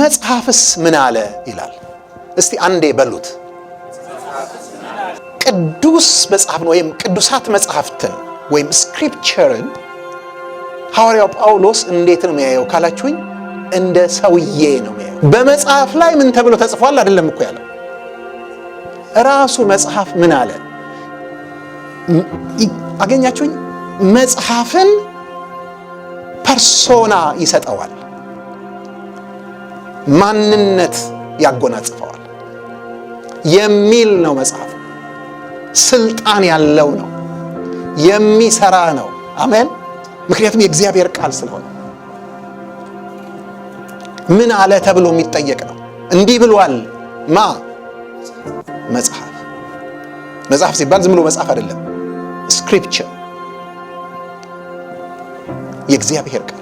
መጽሐፍስ ምን አለ ይላል። እስቲ አንዴ በሉት። ቅዱስ መጽሐፍን ወይም ቅዱሳት መጽሐፍትን ወይም ስክሪፕቸርን ሐዋርያው ጳውሎስ እንዴት ነው የሚያየው ካላችሁኝ፣ እንደ ሰውዬ ነው የሚያየው። በመጽሐፍ ላይ ምን ተብሎ ተጽፏል አይደለም እኮ ያለው ራሱ መጽሐፍ ምን አለ። አገኛችሁኝ? መጽሐፍን ፐርሶና ይሰጠዋል። ማንነት ያጎናጽፈዋል የሚል ነው መጽሐፉ። ስልጣን ያለው ነው፣ የሚሰራ ነው። አሜን። ምክንያቱም የእግዚአብሔር ቃል ስለሆነ ምን አለ ተብሎ የሚጠየቅ ነው። እንዲህ ብሏል ማ መጽሐፍ መጽሐፍ ሲባል ዝም ብሎ መጽሐፍ አይደለም። ስክሪፕቸር የእግዚአብሔር ቃል።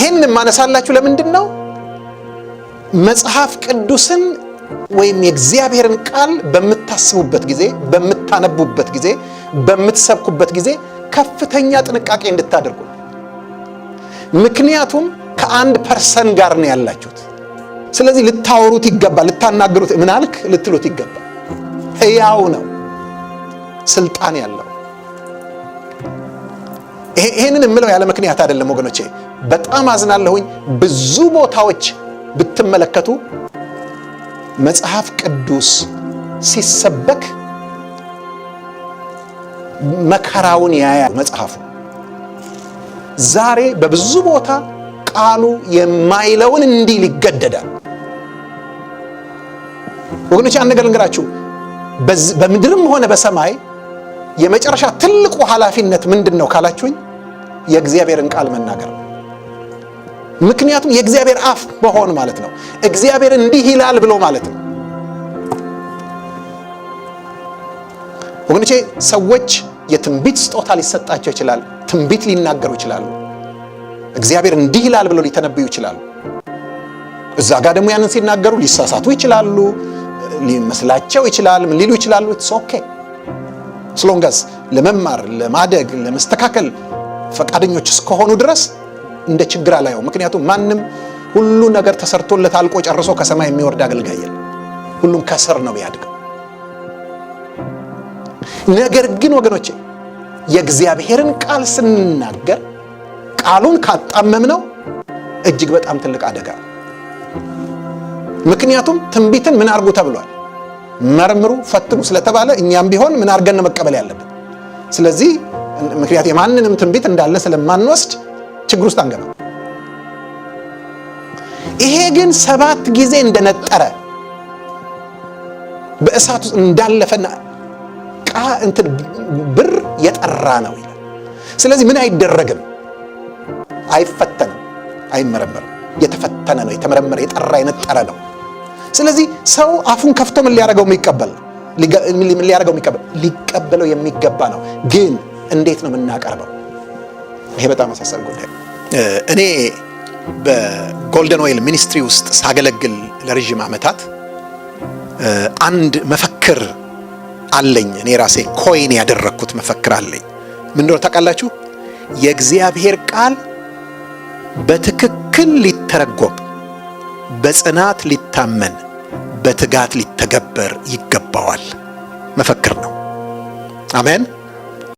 ይህን የማነሳላችሁ ለምንድን ነው? መጽሐፍ ቅዱስን ወይም የእግዚአብሔርን ቃል በምታስቡበት ጊዜ፣ በምታነቡበት ጊዜ፣ በምትሰብኩበት ጊዜ ከፍተኛ ጥንቃቄ እንድታደርጉ ምክንያቱም ከአንድ ፐርሰን ጋር ነው ያላችሁት። ስለዚህ ልታወሩት ይገባል፣ ልታናገሩት ምናልክ ልትሉት ይገባል። ሕያው ነው፣ ስልጣን ያለው ይሄንን የምለው ያለ ምክንያት አይደለም ወገኖቼ። በጣም አዝናለሁኝ ብዙ ቦታዎች ብትመለከቱ መጽሐፍ ቅዱስ ሲሰበክ መከራውን ያያል። መጽሐፉ ዛሬ በብዙ ቦታ ቃሉ የማይለውን እንዲል ይገደዳል። ወገኖች አንድ ነገር ልንገራችሁ፣ በምድርም ሆነ በሰማይ የመጨረሻ ትልቁ ኃላፊነት ምንድን ነው ካላችሁኝ፣ የእግዚአብሔርን ቃል መናገር ነው። ምክንያቱም የእግዚአብሔር አፍ በሆን ማለት ነው። እግዚአብሔር እንዲህ ይላል ብሎ ማለት ነው። ወገኖቼ ሰዎች የትንቢት ስጦታ ሊሰጣቸው ይችላል። ትንቢት ሊናገሩ ይችላሉ። እግዚአብሔር እንዲህ ይላል ብሎ ሊተነብዩ ይችላሉ። እዛ ጋር ደግሞ ያንን ሲናገሩ ሊሳሳቱ ይችላሉ። ሊመስላቸው ይችላል። ምን ሊሉ ይችላሉ? ኢትስ ኦኬ ስሎንጋስ ለመማር ለማደግ፣ ለመስተካከል ፈቃደኞች እስከሆኑ ድረስ እንደ ችግር አላየው። ምክንያቱም ማንም ሁሉ ነገር ተሰርቶለት አልቆ ጨርሶ ከሰማይ የሚወርድ አገልጋይ የለም። ሁሉም ከስር ነው ያድገው። ነገር ግን ወገኖቼ የእግዚአብሔርን ቃል ስንናገር ቃሉን ካጣመም ነው እጅግ በጣም ትልቅ አደጋ። ምክንያቱም ትንቢትን ምን አርጉ ተብሏል? መርምሩ፣ ፈትኑ ስለተባለ እኛም ቢሆን ምን አድርገን መቀበል ያለብን? ስለዚህ ምክንያት የማንንም ትንቢት እንዳለ ስለማንወስድ ችግር ውስጥ አንገባ። ይሄ ግን ሰባት ጊዜ እንደነጠረ በእሳት ውስጥ እንዳለፈና ቃ እንትን ብር የጠራ ነው ይላል። ስለዚህ ምን አይደረግም? አይፈተንም፣ አይመረመርም። የተፈተነ ነው፣ የተመረመረ፣ የጠራ የነጠረ ነው። ስለዚህ ሰው አፉን ከፍቶ ምን ሊያደርገው የሚቀበል ሊያደርገው የሚቀበል ሊቀበለው የሚገባ ነው። ግን እንዴት ነው የምናቀርበው? ይሄ በጣም አሳሳቢ ጉዳይ። እኔ በጎልደን ኦይል ሚኒስትሪ ውስጥ ሳገለግል ለረዥም ዓመታት አንድ መፈክር አለኝ። እኔ ራሴ ኮይን ያደረግኩት መፈክር አለኝ። ምን እንደሆነ ታውቃላችሁ? የእግዚአብሔር ቃል በትክክል ሊተረጎም፣ በጽናት ሊታመን፣ በትጋት ሊተገበር ይገባዋል። መፈክር ነው። አሜን።